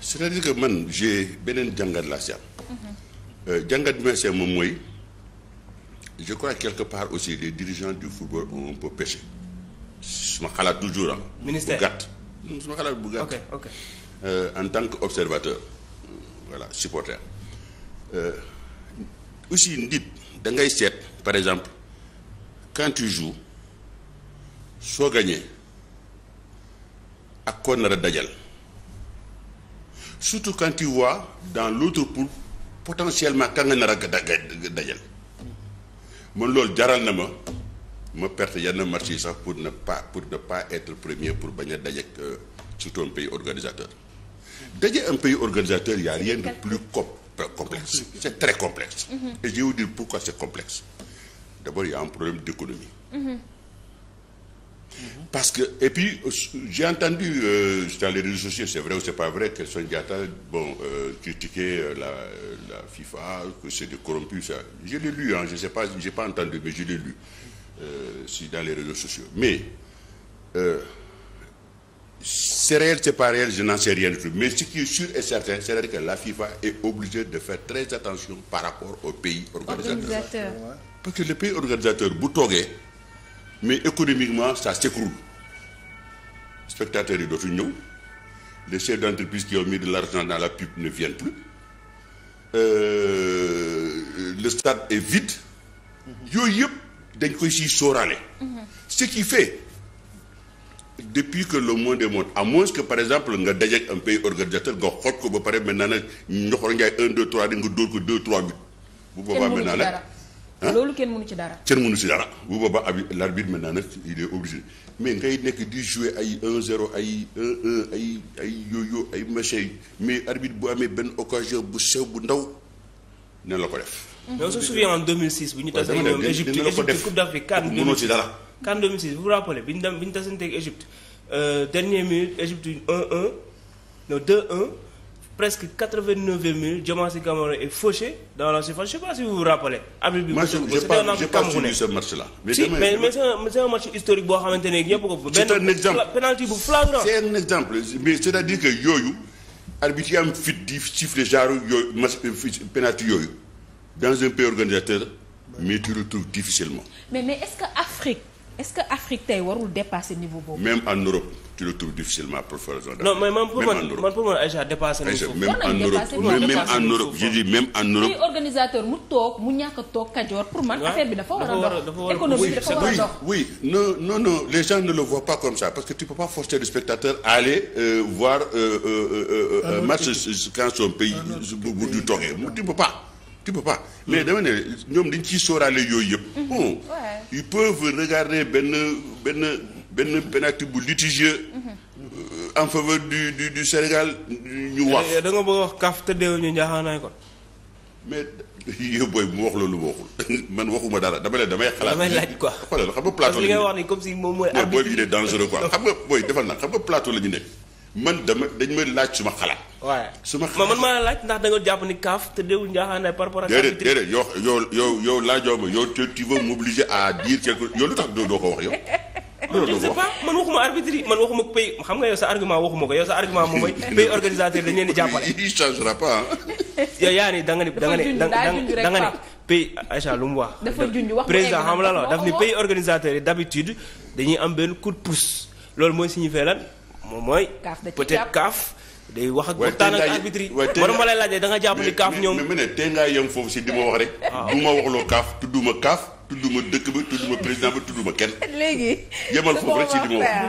c'est-à-dire que man j'ai beneen jàngat laa si am. Euh, jàngat bi ma si moom mooy je crois quelque part aussi les dirigeants du football ont un peu péché suma xalaat toujours ah. ministère bu gàtt suma xalaat bu gàtt. ok euh, en tant que observateur voilà supporter euh, aussi ndit da ngay seet par exemple quand tu joues soo gagné ak koo nar dajal. surtout quand tu vois dans l'autre pour potentiellement kan nga nar a dajal man loolu jaral na ma ma perte yenn marché yi sax pour ne pas pour ne pas être premier pour bañ a daje euh, surtout un pays organisateur daje un pays organisateur y a rien de plus complexe c'est très complexe mm-hmm. et je vais vous dire c'est complexe d'abord il y problème d'économie mm-hmm. Parce que, et puis, j'ai entendu euh, dans les réseaux sociaux, c'est vrai ou c'est pas vrai, Kelson Diatta, bon, euh, euh, la, la, FIFA, que c'est de corrompu, ça. Je l'ai lu, hein, je sais pas, entendu, mais je l'ai lu, euh, dans les réseaux sociaux. Mais, euh, c'est réel, c'est pas réel, je n'en sais rien du tout. Mais ce qui est sûr et certain, c'est que la FIFA est obligée de faire très attention par rapport aux pays Organisateur. Parce que le pays organisateur, Boutogé, mais économiquement ça s'écroule spectateurs yi dootuñ ñëw les chefs d'entreprise qui ont mis de l'argent dans la pub ne viennent plus euh, le stade est vide yooyu yëpp dañ koy siy sóoraale ce qui fait depuis que le monde est monde à moins que par exemple nga dajeek un pays organisateur nga xooj ko ba pare maintenant nag ñoxor njaay un deux trois di nga dóor ko deux trois huit bu boobaa maintenant nag loolu kenn mënu ci dara. kenn mënu ci dara bu boobaa abi l'arbitre maintenant nag il est obligé mais ngay nekk di jouer ay 1-0 ay 1-1 ay ay yooyu ay machin mais arbitre bu amee benn occasion bu sew bu ndaw dina la ko def. mais on se souvient en 2006. bu ñu tasee ñoom Égypte Égypte Coupe d'Afrique CAN 2006 mënoo ci dara. CAN 2006 vous vous rappelez bi ñu dem bi ñu tasante ak Égypte euh, dernière minute Égypte 1-1 non 2 presque quatre-vingt-neuf minutes Diomansy Kamara est fauché dans la surface je sais pas si vous vous rappelez. arbitre bi c'était un arbitre camerounais mais si mais mais c'est un match historique boo xamante ne ñëpp ko. c'est un exemple penalty bu flagrant. c'est un exemple mais c'est-à-dire que yooyu arbitre yi am fit di siffler genre yooyu match penalty yooyu dans un pays organisateur mais tu le difficilement. mais mais est-ce est-ce que Afrique tey warul dépasser niveau boobu. même en Europe tu le trouves difficilement pour faire zone non mais en Europe même en Europe je dis même en Europe. muy organisateur mu toog mu ñàkk a toog Kajoor pour man affaire bi dafa war a dox. économie bi dafa war a dox oui oui non non non les gens ne le voient pas comme ça parce que tu peux pas forcer le spectateur à aller euh, voir euh, euh, ah match quand son pays ah bu du toogee tu peux pas tu peux pas mais hmm. dama ne ñoom dañ ciy sóoraale yooyu yëpp hmm. bon. ils peuvent regarder benn benn benn pénalty bu litigieux. Euh, en faveur du du du Sénégal ñu wax. Eh, eh, da nga bëgg wax kaaf te deewee ñu ñaaxaanaay ko. mais yow booy mu wax loolu waxul man waxuma dara dama leen damay. xalaat damay laaj quoi xam nga li ngay wax comme si mooy. arbitre booy il est dangereux quoi defal na xam nga plateau la ñu nekk man dama dañ ma laaj suma xalaat. waaw su ma man maa la laaj ndax da nga jàpp ni kaaf te déewul njaaxaanaay par rapport ak. déedéet déedéet yow yow yow yow laajoo ma yow tu veux m'obliger à dire quelque yow lu tax doo ko wax yow. je ne sais pas man waxuma arbitre yi man waxuma pays xam nga yow sa argument waxuma ko yow sa argument moom mooy pays organisateur dañu leen di jàppale. il changera pas yow da nga ni da nga ni da nga ni pays Aïcha lu mu wax. dafa wax président xam la la daf ni pays organisateur yi d'habitude dañuy am benn coup de pouce loolu mooy signifié lan moom mooy. peut-être kaaf. day wax ak waxtaan ak arbitre yi borom ma lay laajee da nga jàpp ni kaaf ñoom mais mais tey ngaa yem foofu si di ma wax rek ah, du ma waxloo kaaf tudduma kaaf tudduma dëkk ba tudduma président ba tudduma kenn léegi yemal foofu rek si di ma wax